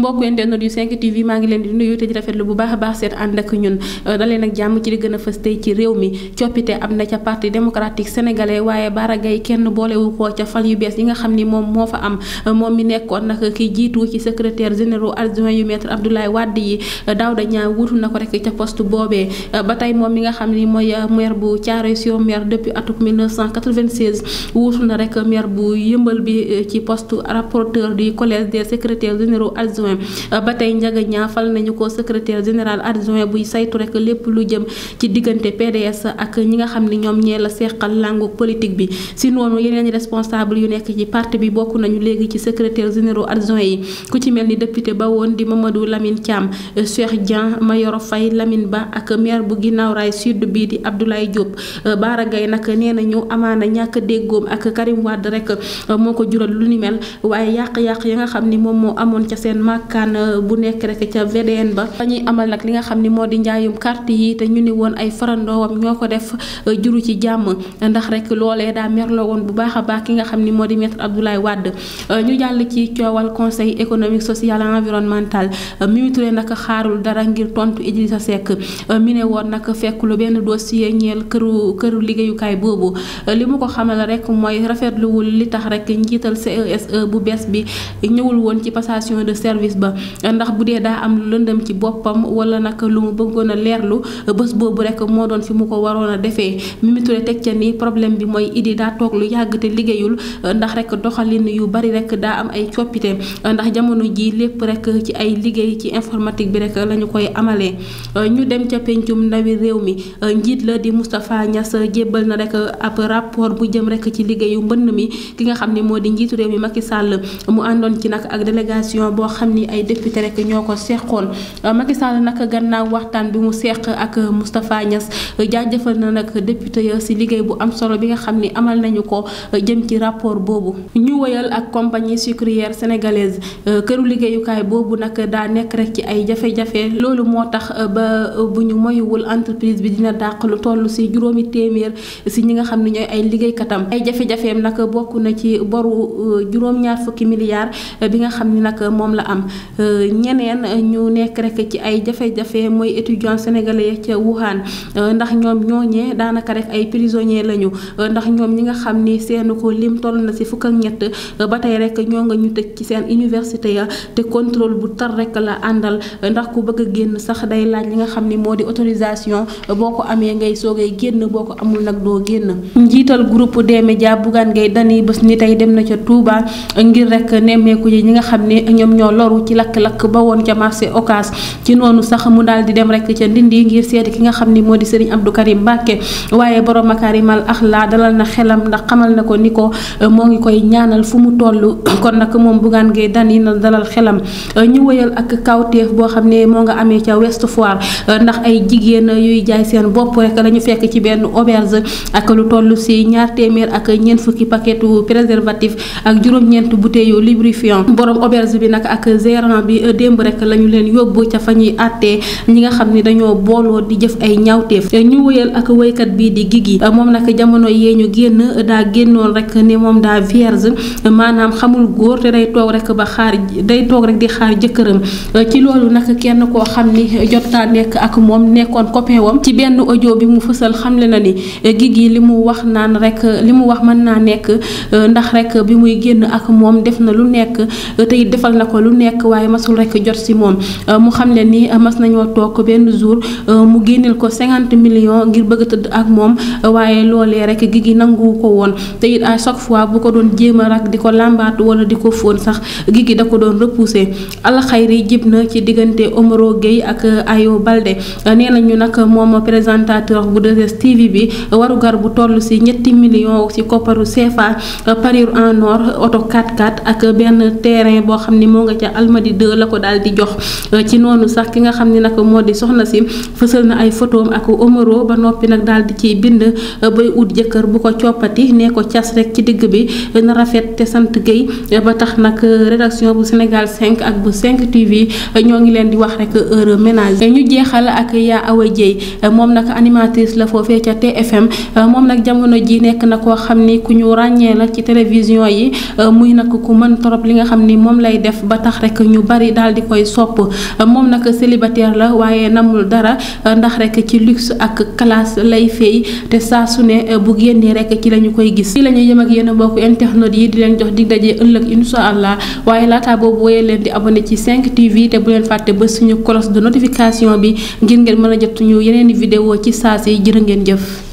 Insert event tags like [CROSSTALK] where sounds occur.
mbokk internet yu 5 maa ngi leen di nuyu te di rafetlu bu baax a baax seen ànd ak ñun euh, dalee nag jàmm ci li gën a fës ci réew mi coppite am na ca parti démocratique sénégalais waaye Bara kenn boolewu ko ca fan yu bees yi nga xam ni moom moo fa am euh, moom mi nekkoon nag ki jiitu ci secrétaire général adjoint yu maître Abdoulaye Wade yi euh, Daouda Niang wuutu na ko rek ca poste boobee ba tey moom mi nga xam ni mooy maire bu Thiaroye-sur-Mer depuis atum 1996 wuutu na rek maire bu yëmbal bi ci poste rapporteur adjoint euh, ba tey Ndiaga Niang fal nañu ko secrétaire général adjoint buy saytu rek lépp lu jëm ci diggante PDS ak ñi nga xam ni ñoom ñee la seqal làngu politique bi si noonu yeneen responsable yu nekk ci parti bi bokk nañu léegi ci secrétaire général adjoint yi ku ci mel ni député ba woon di Mamadou Lamine Thiam Cheikh Dieng Mayoro fay Lamine Ba ak maire bu ginnaaw raay sud bii di Abdoulaye job euh, Baara Gaye nag nee nañu amaana ñàkk déggoom ak Karim Wade euh, moo ko jural lu kan eh, bu nek rek ca VDN ba ñi amal nak li nga xamni modi moo njaayum carte yi te ñu ni won ay farando wam ñoko def eh, juru ci jamm ndax rek lolé da merlo won bu baakha ba ki nga xamni modi maître Abdoulaye wad eh, ñu jall ci ciowal conseil économique social et environnemental mi tulé nak xaarul dara ngir tontu Idrissa sek mi ne won nak fekk lu ben dossier ñeel këru këru liggéeyukaay kay bobu limu ko xamal rek mooy wul li tax rek CESE e bu bes bi ñewul won ci passation de service xaalis ba ndax bu dee daa am lu lëndëm ci boppam wala nag lu mu bëggoon a leerlu bés boobu rek moo doon fi mu ko waroon a defee Mimi Touré teg ca ni problème bi mooy Idi daa toog lu yàgg te liggéeyul ndax rek doxalin yu bari rek daa am ay coppite ndax jamono ji lépp rek ci ay liggéey ci informatique bi rek lañu koy amalee ñu dem ca pencum ndawi réew mi njiit la di Moustapha Niass jébbal na rek ab rapport bu jëm rek ci liggéeyu mbënn mi ki nga xam ne moo di njiitu réew mi Macky Sall mu àndoon ci nag ak délégation boo xam ni ay député rek ñoo ko seqoon euh, Macky Sall nag gannaaw waxtaan bi mu seq ak Moustapha Niass euh, jaajëfal na nag député ya si liggéey bu am solo bi nga xam ni amal nañu ko euh, jëm ci rapport boobu. ñu woyal ak compagnie sucrière sénégalaise këru liggéeyukaay boobu nag daa nekk rek ci ay jafe-jafe loolu moo tax ba bu ñu moywul entreprise bi dina dàq lu toll si juróomi téeméer si ñi nga xam ne ñooy ay liggéeykatam ay jafe-jafeem nag bokk na ci boru juróom-ñaar fukki milliards nga xam ni nag moom la am Euh, ñeneen euh, ñu nekk rek ci ay jafe-jafe mooy étudiants sénégalais ca Wuhan euh, ndax ñoom ñooñee daanaka rek ay prisonniers lañu ndax ñoom ñi nga xam ni seen ko lim toll na si fukk ñett ba tey rek ñoo nga ñu tëj ci seen université ya te contrôle bu tar rek la àndal ndax ku bëgg a génn sax day laaj li nga xam ni moo di autorisation boo ko amee ngay soogay génn boo ko amul nag doo génn njiital groupe des médias Bougane Gueye Dany bés ni tey dem na ca Touba defaru ci lak lak ba won ca marché okas ci nonu sax mu dal di dem rek ci ndindi ngir seeti ki nga xamni modi serigne abdou karim mbake waye borom makaarimal akhla dalal na xelam ndax xamal nako ko euh, mo ngi koy ñaanal fu mu tollu [COUGHS] kon mom bu gan ngay dan yi dalal xelam euh, ñu wëyal ak kawteef bo xam mo nga amé ca west foire euh, ndax ay jigéen yuy jaay seen bop rek lañu fekk ci ben auberge ak lu tollu si ñaar témir ak ñen fukki paquetu préservatif ak juroom ñent bouteille lubrifiant borom auberge bi nak ak gérant bi euh, démb rek la ñu leen yóbbu ca fa ñuy àttee ñi nga xam ne dañoo booloo di jëf ay ñawteef euh, ñu wëyal ak wëykat bii di Guigui euh, moom nag jamono yee ñu génn daa génnoon rek ne moom daa vierge maanaam xamul góor te day toog rek ba xaar day toog rek di xaar jëkkëram ci loolu nag kenn koo xam ni jot naa nekk ak moom nekkoon copain ci benn audio bi mu fësal xamle na ni Guigui li mu wax naan rek li mu wax mën naa nekk ndax rek bi muy génn ak moom def na lu nekk tey defal na ko lu nekk nekk waaye masul rek jot si moom euh, mu xam leen ni euh, mas nañoo toog benn jour euh, mu génneel ko 50 millions ngir bëgg a tëdd ak moom waaye loolee rek Guigui nangu ko woon te it à chaque fois bu ko doon jéem a rak di ko làmbaatu wala di ko fóon sax gi da ko doon repousser alxayri jib na ci diggante Omaro Gueye ak Ayo Balde nee nañu nag moom présentateur bu 2STV bi warugar bu toll si ñetti millions si kopparu CFA parure en or oto 4x4 ak benn terrain boo xam almadi 2 la ko daal di jox euh, ci noonu sax ki nga xam ni nag moo di soxna si fësal na ay photoom ak omoro ba noppi nag daal di ciy bind euh, bay ut jëkkër bu ko coppati nee ko cas ci digg bi euh, na rafet te sant Guèye ba tax nag rédaction bu Sénégal 5 ak bu 5 TV ñoo ngi leen di wax rek heure ménage ñu jeexal ak yaa Awa moom nag animatrice la foofee ca TFM moom nag jamono ji nekk na koo xam ni ku ñu ràññee la ci télévision yi muy nag ku mën trop li nga xam ni moom lay def ba tax rek rek ñu bari daal di koy sopp moom nag célibataire la waaye namul dara ndax rek ci luxe ak classe lay fay te saa su ne bu génnee rek ci la koy gis. fii la ñuy yem ak yéen mbokk internet yi di leen jox dig daje ëllëg incha allah waaye laata boobu woyee leen di abonné ci 5 TV te bu leen fàtte ba suñu cloche de notification bi ngir ngeen mën a jot ñu yeneen i vidéo ci saa si jërë ngeen jëf.